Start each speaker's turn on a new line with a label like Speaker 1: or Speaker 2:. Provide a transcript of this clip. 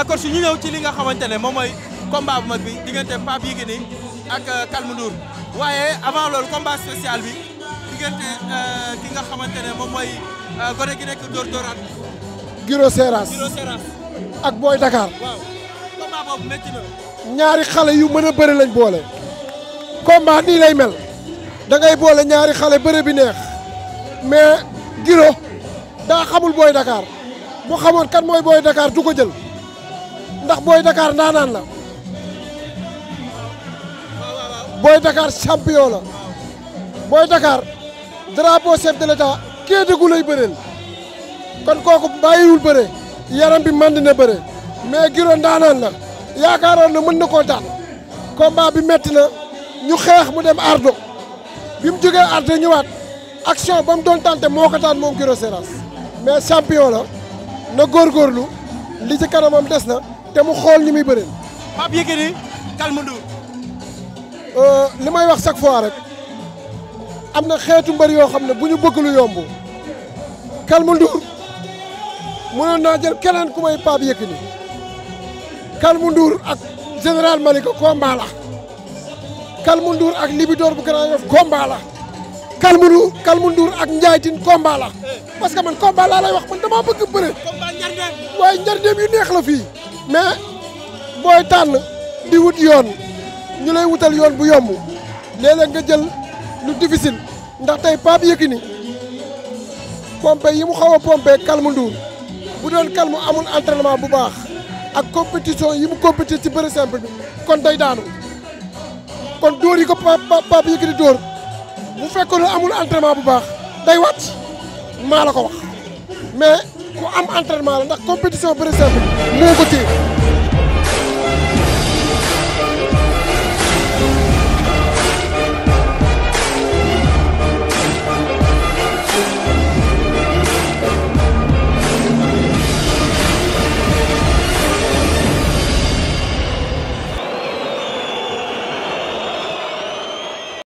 Speaker 1: d'accord su ñu ñëw ci li nga xamante ne moom mooy combat bu mag bi diggante Pape Yékini ak euh, Kalmu Ndour waaye avant loolu combat spécial bi diggante euh, ki mooy euh, gone gi nekk Dóor
Speaker 2: ak Boy Dakar. ñaari xale yu mën a bëri lañ boole. combat nii lay mel. da boole ñaari xale bëre bi neex. mais Giro daa xamul Boy Dakar. bu xamoon kan mooy Boy Dakar du ko jël. ndax booy dakaar ndaanaan la booy Dakar champion la booy Dakar drapeau chef de lay bëreel kon kooku bàyyiwul bëre yaram bi màndi na bëre mais Giro ndaanaan la yaakaaroon na mën na koo daan combat bi metti na ñu xeex mu dem ardo bi mu jógee ardo ñëwaat action ba mu doon tante moo ko daan moom Giro Seras mais champion la na góorgóorlu li ci kanamam des na te mu xool ñi muy bëreel. Pape Yékini euh, li may wax chaque fois rek am na xeetu mbër yoo xam ne bu ñu bëgg lu yomb jël keneen ku may Pape Yékini Calme Ndour ak général Malika combat la ak Libidor bu Grand Yoff combat la Calme Ndour Calme Ndour ak Ndiaye Tine parce que man combat laa wax man damaa bëgg bëre. waaye njariñam yu neex la fii. mais booy tànn di wut yoon ñu lay wutal yoon bu yomb léeg-léeg nga jël lu difficile ndax tey Pape Yékini pompé yi mu xaw a pompé Calme Ndour bu doon Calme amul entraînement bu baax ak compétition yi mu compétir ci bëre simple bi kon day daanu kon dóor yi ko Pape Yékini dóor bu fekkoon amul entraînement bu baax day wàcc maa ko ku am entraînement la ndax compétition bëri simple moo ko téye